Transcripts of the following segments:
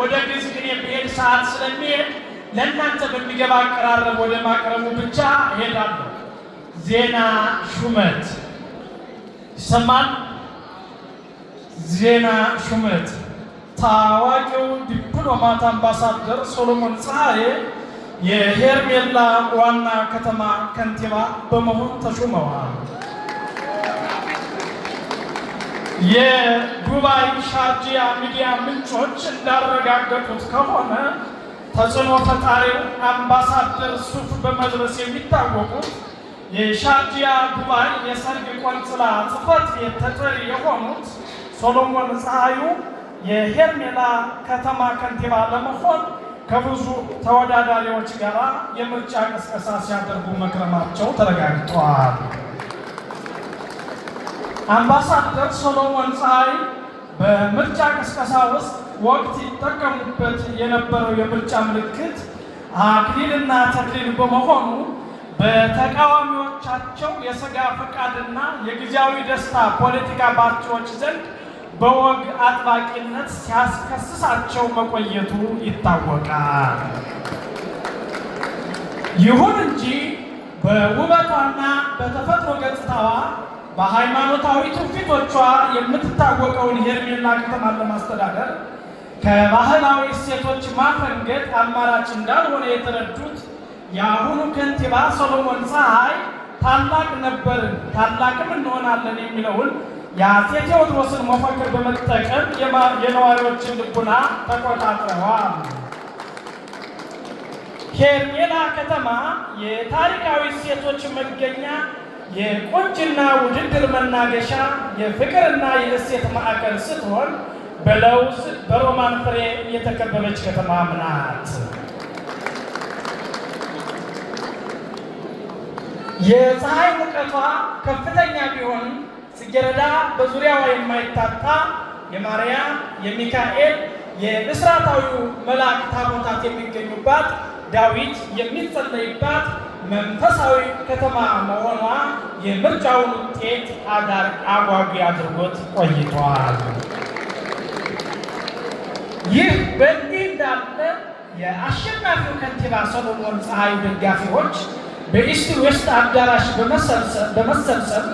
ወደ ግዕዝ ቅኔ ብሄድ ሰዓት ስለሚሄድ ለእናንተ በሚገባ አቀራረብ ወደ ማቅረቡ ብቻ እሄዳለሁ። ዜና ሹመት ይሰማል። ዜና ሹመት ታዋቂው ዲፕሎማት አምባሳደር ሶሎሞን ፀሐዬ የሄርሜላ ዋና ከተማ ከንቲባ በመሆን ተሹመዋል። የዱባይ ሻርጂያ ሚዲያ ምንጮች እንዳረጋገጡት ከሆነ ተጽዕኖ ፈጣሪው አምባሳደር ሱፍ በመድረስ የሚታወቁት የሻርጂያ ዱባይ የሰርግ ቆንጽላ ጽፈት ቤት ተጠሪ የሆኑት ሶሎሞን ፀሐዩ የሄርሜላ ከተማ ከንቲባ ለመሆን ከብዙ ተወዳዳሪዎች ጋር የምርጫ ቅስቀሳ ሲያደርጉ መክረማቸው ተረጋግጧል። አምባሳደር ሶሎሞን ፀሐይ በምርጫ ቅስቀሳ ውስጥ ወቅት ይጠቀሙበት የነበረው የምርጫ ምልክት አክሊልና ተክሊል በመሆኑ በተቃዋሚዎቻቸው የስጋ ፈቃድና የጊዜያዊ ደስታ ፖለቲካ ፓርቲዎች ዘንድ በወግ አጥባቂነት ሲያስከስሳቸው መቆየቱ ይታወቃል። ይሁን እንጂ በውበቷና በተፈጥሮ ገጽታዋ በሃይማኖታዊ ትውፊቶቿ የምትታወቀውን ሄርሜላ ከተማን ለማስተዳደር ከባህላዊ እሴቶች ማፈንገጥ አማራጭ እንዳልሆነ የተረዱት የአሁኑ ከንቲባ ሰሎሞን ፀሐይ ታላቅ ነበርን ታላቅም እንሆናለን የሚለውን የአፄ ቴዎድሮስን መፈክር በመጠቀም የነዋሪዎችን ልቡና ተቆጣጥረዋል። ሄርሜላ ከተማ የታሪካዊ እሴቶች መገኛ የቁንጅና ውድድር መናገሻ የፍቅርና የእሴት ማዕከል ስትሆን በለውዝ በሮማን ፍሬ የተከበበች ከተማ ናት። የፀሐይ ሙቀቷ ከፍተኛ ቢሆንም ጽጌረዳ በዙሪያዋ የማይታጣ የማርያም፣ የሚካኤል፣ የምስራታዊ መልአክ ታቦታት የሚገኙባት ዳዊት የሚጸለይባት መንፈሳዊ ከተማ መሆኗ የምርጫውን ውጤት አጋር አጓጊ አድርጎት ቆይቷል። ይህ በእንዲህ እንዳለ የአሸናፊው ከንቲባ ሰሎሞን ፀሐይ ደጋፊዎች በኢስት ዌስት አዳራሽ በመሰብሰብ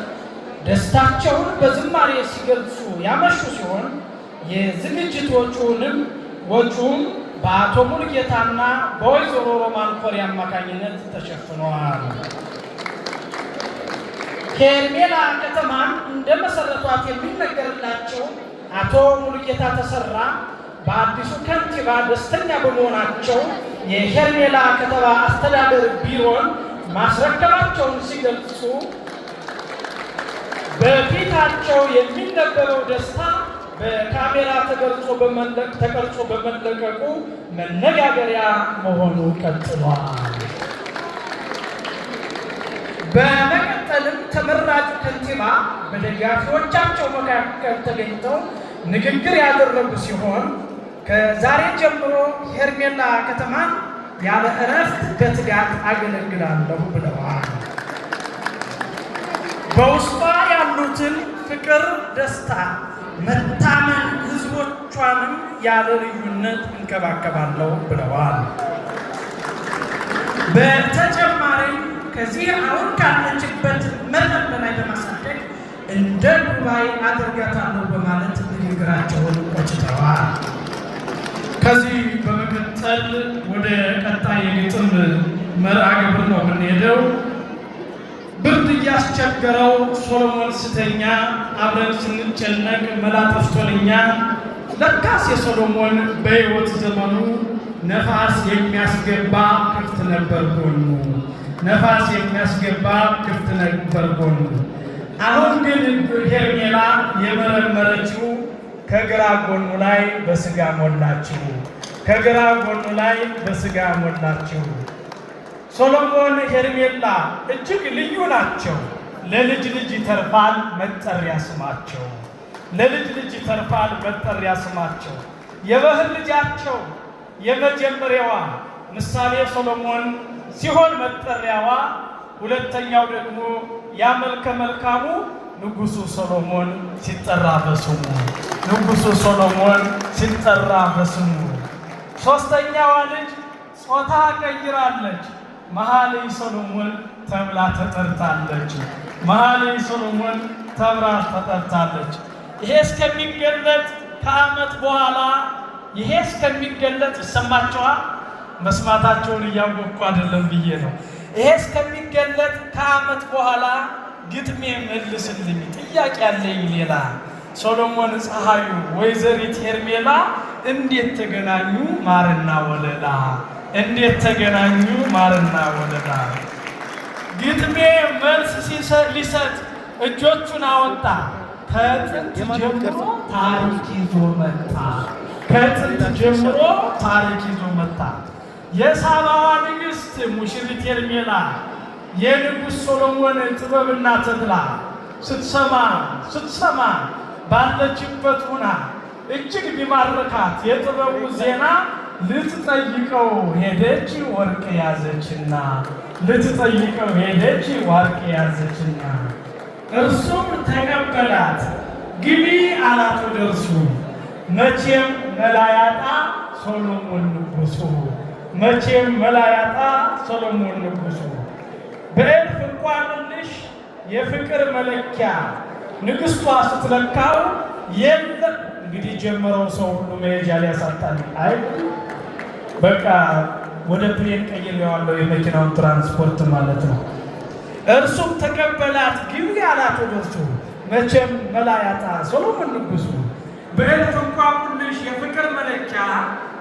ደስታቸውን በዝማሬ ሲገልጹ ያመሹ ሲሆን የዝግጅት ወጪውንም ወጪውን በአቶ ሙሉጌታና በወይዘሮ ሮማን ኮሪ አማካኝነት ተሸፍኗል። ሄርሜላ ከተማን እንደ መሰረቷት የሚነገርላቸው አቶ ሙሉጌታ ተሰራ በአዲሱ ከንቲባ ደስተኛ በመሆናቸው የሄርሜላ ከተማ አስተዳደር ቢሮን ማስረከባቸውን ሲገልጹ በፊታቸው የሚነበረው ደስታ በካሜራ ተቀርጾ ተቀርጾ በመለቀቁ መነጋገሪያ መሆኑ ቀጥሏል። በመቀጠልም ተመራጭ ከንቲባ በደጋፊዎቻቸው መካከል ተገኝተው ንግግር ያደረጉ ሲሆን ከዛሬ ጀምሮ ሄርሜላ ከተማን ያለ እረፍት በትጋት አገለግላለሁ ብለዋል። በውስጧ ያሉትን ፍቅር፣ ደስታ መታመን ህዝቦቿንም ያለ ልዩነት እንከባከባለሁ ብለዋል። በተጨማሪም ከዚህ አሁን ካለችበት መጠን በላይ በማሳደግ እንደ ዱባይ አደርጋታለሁ በማለት ንግግራቸውን ቆጭተዋል። ከዚህ በመቀጠል ወደ ቀጣይ የግጥም መርሃ ግብር ነው የምንሄደው። ብርድ እያስቸገረው ሶሎሞን ስተኛ አብረን ስንጨነቅ መላ ለካስ የሶሎሞን በሕይወት ዘመኑ ነፋስ የሚያስገባ ክፍት ነበር ጎኑ፣ ነፋስ የሚያስገባ ክፍት ነበር ጎኑ። አሁን ግን ሄርሜላ የመረመረችው ከግራ ጎኑ ላይ በስጋ ሞላችሁ፣ ከግራ ጎኑ ላይ በስጋ ሞላችሁ። ሶሎሞን ሄርሜላ እጅግ ልዩ ናቸው። ለልጅ ልጅ ይተርፋል መጠሪያ ስማቸው ለልጅ ልጅ ይተርፋል መጠሪያ ስማቸው የባህል ልጃቸው የመጀመሪያዋ ምሳሌ ሶሎሞን ሲሆን መጠሪያዋ፣ ሁለተኛው ደግሞ ያመልከ መልካሙ ንጉሱ ሶሎሞን ሲጠራ በስሙ ንጉሱ ሶሎሞን ሲጠራ በስሙ ሶስተኛዋ ልጅ ጾታ ቀይራለች። መኃልየ ሰሎሞን ተብላ ተጠርታለች። መኃልየ ሰሎሞን ተብራ ተጠርታለች። ይሄ እስከሚገለጥ ከዓመት በኋላ ይሄ እስከሚገለጥ ይሰማቸዋል። መስማታቸውን እያወቅኩ አይደለም ብዬ ነው። ይሄ እስከሚገለጥ ከዓመት በኋላ ግጥሜ መልስልኝ፣ ጥያቄ ያለኝ ሌላ። ሶሎሞን ፀሐዩ፣ ወይዘሪት ሄርሜላ እንዴት ተገናኙ ማርና ወለላ? እንዴት ተገናኙ? ማርና ወለላ። ግጥሜ መልስ ሊሰጥ እጆቹን አወጣ። ከጥንት ጀምሮ ታሪክ ይዞ መጣ። ከጥንት ጀምሮ ታሪክ ይዞ መጣ። የሳባዋ ንግሥት ሙሽሪት ኤርሜላ የንጉሥ ሶሎሞን ጥበብና ተድላ ስትሰማ ስትሰማ ባለችበት ሁና እጅግ ቢማርካት የጥበቡ ዜና ልትጠይቀው ሄደች ወርቅ ያዘችና ልትጠይቀው ሄደች ወርቅ ያዘችና እርሱም ተቀበላት፣ ግቢ አላት ወደ እርሱ። መቼም መላያጣ ሶሎሞን ንጉሡ መቼም መላያጣ ሶሎሞን ንጉሡ በእልፍ እንኳን ልሽ የፍቅር መለኪያ ንግሥቷ ስትለካው የለም እንግዲህ ጀመረው ሰው ሁሉ መሄጃ ሊያሳጣል። አይ በቃ ወደ ፕሌን ቀይሬዋለሁ፣ የመኪናውን ትራንስፖርት ማለት ነው። እርሱም ተቀበላት፣ ግቢ አላት ወደ እርሱ። መቼም መላ ያጣ ሰሎሞን ንጉሱ በእልፍ እንኳ ትንሽ የፍቅር መለኪያ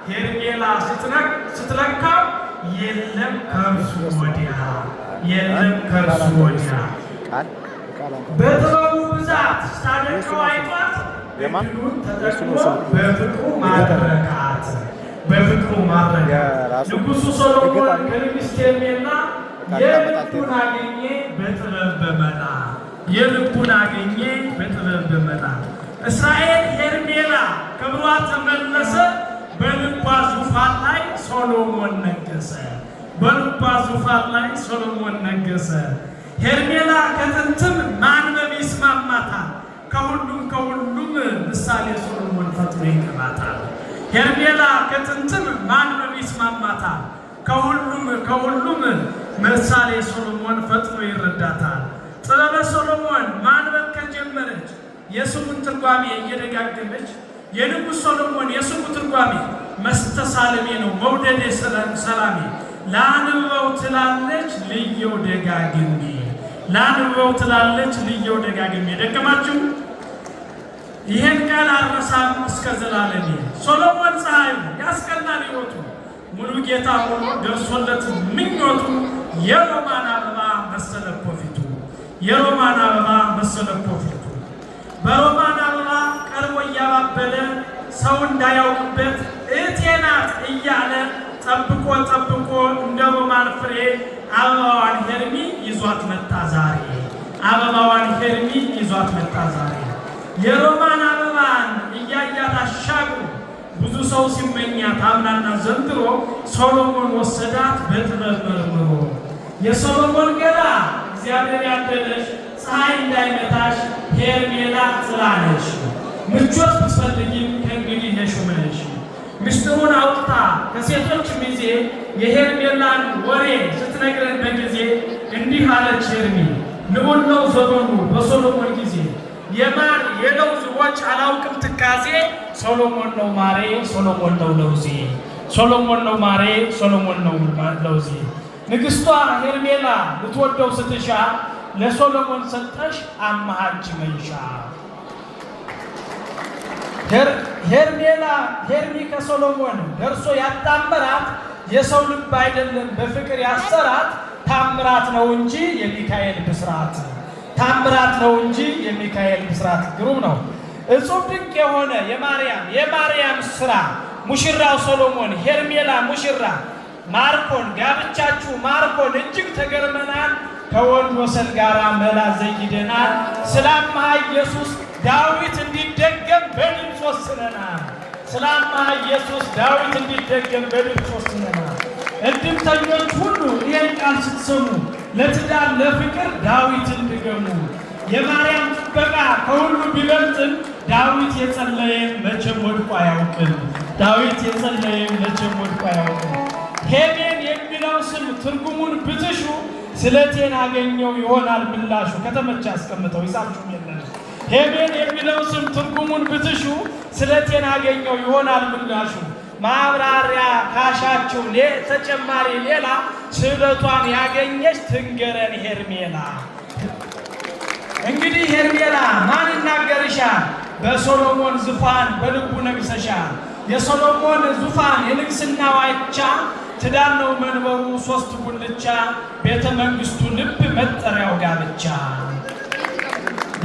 ሄርሜላ ስትለካ የለም ከእርሱ ወዲያ የለም ከእርሱ ወዲያ በጥበቡ ብዛት ሳደቀው አይቷት የማን እሱ ነው ስሙ በፍቅሩ ማረጋት ንጉሱ ሰሎሞን ሚስቴና የልቡን አገኘ በጥበብ በመጣ የልቡን አገኘ በጥበብ በመጣ እስራኤል የእርሜላ ክብሯ ተመለሰ። በልቧ ዙፋን ላይ ሶሎሞን ነገሰ። በልቧ ዙፋን ላይ ሶሎሞን ነገሰ። ሄርሜላ ከጥንትም ማንበብ ይስማማታል። ከሁሉም ከሁሉም ምሳሌ ሶሎሞን ፈጥሮ ይቀማታል። ሄርሜላ ከጥንትም ማንበብ ይስማማታል? ከሁሉም ከሁሉም ምሳሌ ሶሎሞን ፈጥኖ ይረዳታል። ጥበበ ሶሎሞን ማንበብ ከጀመረች የስሙን ትርጓሜ እየደጋገመች የንጉሥ ሶሎሞን የስሙ ትርጓሜ መስተሳለሜ ነው፣ መውደዴ ሰላሜ። ላንብበው ትላለች ልየው ደጋግሜ፣ ላንብበው ትላለች ልየው ደጋግሜ። ደገማችሁ? ይህን ቃል አልረሳም እስከ ዘላለም። ሶሎሞን ፀሐይ ያስቀናል ሕይወቱ ሙሉ ጌታ ሆኖ ደርሶለት ምኞቱ የሮማን አበባ መሰለ ፊቱ የሮማን አበባ መሰለ ፊቱ በሮማን አበባ ቀርቦ እያባበለ ሰው እንዳያውቅበት እቴናት እያለ ጠብቆ ጠብቆ እንደ ሮማን ፍሬ አበባዋን ሄርሚ ይዟት መጣ ዛሬ አበባዋን ሄርሚ ይዟት መጣ ዛሬ የሮማን አበባን እያያት ብዙ ሰው ሲመኛት አምናና ዘንድሮ ሶሎሞን ወሰዳት በጥበብ መርምሮ። የሶሎሞን ገላ እግዚአብሔር ያደለሽ ፀሐይ እንዳይመታሽ ሄርሜላ ጥላ ምቾት ብትፈልጊም ከእንግዲህ ነሽ ሆነሽ ምስጢሩን አውጥታ ከሴቶች ሚዜ የሄርሜላን ወሬ ስትነግረን በጊዜ እንዲህ አለች ሄርሜ ንዑል ነው ዘመኑ በሶሎሞን ጊዜ የማር የለውዝ ወጭ አላውቅም ትካዜ ሶሎሞን ነው ማሬ ሶሎሞን ነው ለውዜ ሶሎሞን ነው ማሬ ሶሎሞን ነው ለውዜ። ንግሥቷ ሄርሜላ ልትወደው ስትሻ ለሶሎሞን ሰጠሽ አማሃጅ መንሻ። ሄርሜላ ሄርሚ ከሶሎሞን ደርሶ ያጣመራት የሰው ልብ አይደለም በፍቅር ያሰራት ታምራት ነው እንጂ የሚካኤል ብስራት ታምራት ነው እንጂ የሚካኤል ብስራት ግሩም ነው። እጹብ ድንቅ የሆነ የማርያም የማርያም ስራ ሙሽራው ሶሎሞን፣ ሄርሜላ ሙሽራ ማርኮን ጋብቻችሁ ማርኮን እጅግ ተገርመናል። ከወንድ ወሰን ጋር መላ ዘይደናል። ስለ ኢየሱስ ዳዊት እንዲደገም በድምፅ ወስነናል። ስለ አምሃ ኢየሱስ ዳዊት እንዲደገም በድምፅ ወስነናል። እድምተኞች ሁሉ ይህን ቃል ስትሰሙ ለትዳር ለፍቅር ዳዊትን ደግሞ የማርያም ጥበቃ ከሁሉ ቢበልጥም ዳዊት የጸለየ መቼም ወድቆ አያውቅም። ዳዊት የጸለየ መቼም ወድቆ አያውቅም። ሄሜን የሚለው ስም ትርጉሙን ብትሹ ስለቴን አገኘው ይሆናል ምላሹ። ከተመቸ አስቀምጠው ይጻፍችሁም የለን ሄሜን የሚለው ስም ትርጉሙን ብትሹ ስለቴን አገኘው ይሆናል ምላሹ። ማብራሪያ ካሻችሁ ተጨማሪ ሌላ ስለቷን ያገኘች ትንገረን ሄርሜላ እንግዲህ ሄርሜላ ማን ይናገርሻ? በሶሎሞን ዙፋን በልቡ ነግሰሻል። የሶሎሞን ዙፋን የንግስና ዋይቻ ትዳር ነው መንበሩ ሶስት ጉልቻ ቤተ መንግስቱ ልብ መጠሪያው ጋብቻ።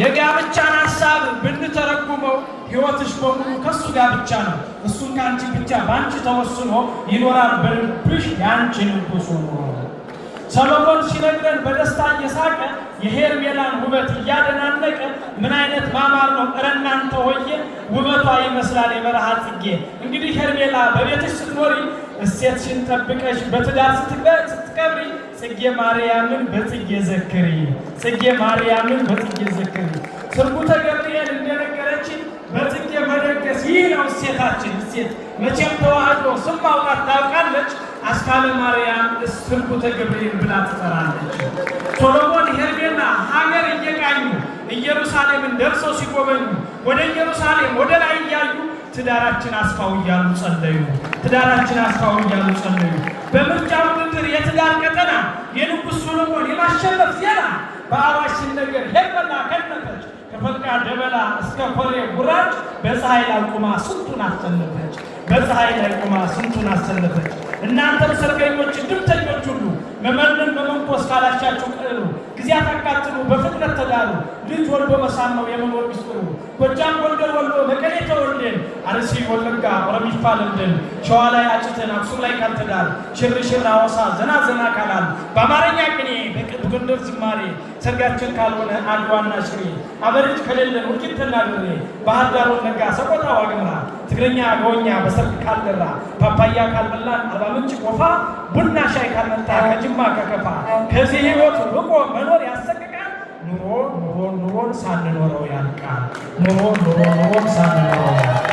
የጋብቻን ሀሳብ ብንተረጉመው ህይወትሽ በሙሉ ከሱ ጋብቻ ነው። እሱን ከአንቺ ብቻ በአንቺ ተወስኖ ይኖራል በልብሽ የአንቺ ንጉሶ ነው። ሰሎሞን ሲነግረን በደስታ እየሳቀ የሄርሜላን ውበት እያደናነቀ ምን አይነት ማማር ነው እረ እናንተ ውበቷ ይመስላል የበረሃ ጽጌ። እንግዲህ ሄርሜላ በቤትሽ ስትኖሪ እሴትሽን ጠብቀሽ በትዳር ስትቀብሪ ጽጌ ማርያምን በጽጌ ዘክሪ፣ ጽጌ ማርያምን በጽጌ ዘክሪ። ስርጉተ ገብርኤል እንደነገረችን በጽጌ መደገስ ይህ ነው እሴታችን። እሴት መቼም ተዋህዶ ስም ማውጣት ታውቃለች። አስካለ ማርያም እስርጉተ ገብርኤል ብላ ትጠራለች። ሶሎሞን ሄርሜላ ሀገር እየቃኙ ኢየሩሳሌምን ደርሰው ሲጎበኙ ወደ ኢየሩሳሌም ወደ ላይ እያዩ ትዳራችን አስፋው እያሉ ጸለዩ። ትዳራችን አስፋው እያሉ ጸለዩ። በምርጫ ውድድር የትዳር ቀጠና የንጉሥ ሶሎሞን የማሸነፍ ዜና በአዋሽን ነገር ሄርሜላ ከነተች ከፈልቃ ደበላ እስከ ኮሬ ጉራጭ በፀሐይ ላይ ቆማ ስንቱን አስጨነፈች። በፀሐይ ላይ ቆማ ስንቱን አሰለፈች። እናንተም ሰርገኞች፣ ድምተኞች ሁሉ መመንን መመንኮስ ካላቻችሁ ቅሉ ጊዜ አታቃጥሉ፣ በፍጥነት ተዳሉ። ልጅ ወልዶ መሳም ነው የመኖር ሚስጥሩ። ጎጃም፣ ጎንደር፣ ወሎ፣ መቀሌ ተወልደን፣ አርሲ፣ ወለጋ፣ ወረሚፋ ለምደን፣ ሸዋ ላይ አጭተን፣ አክሱም ላይ ካልተዳል፣ ሽብር ሽብር፣ ዘና ዘና ካላል በአማርኛ ቅኔ ጎንደር ዝማሬ ሰርጋችን ካልሆነ አንዷና ሽሬ አበርጅ ከሌለን ውርቂት ተናድሬ ባህር ዳር ነጋ ሰቆጣ ዋግምራ ትግረኛ ገወኛ በሰርግ ካልደራ ፓፓያ ካልበላን አርባ ምንጭ ቆፋ ቡና ሻይ ካልመጣ ከጅማ ከከፋ ከዚህ ህይወት ርቆ መኖር ያሰቅቃል። ኑሮ ኑሮ ኑሮን ሳንኖረው ያልቃል። ኑሮ ኑሮ ኑሮን ሳንኖረው ያልቃል።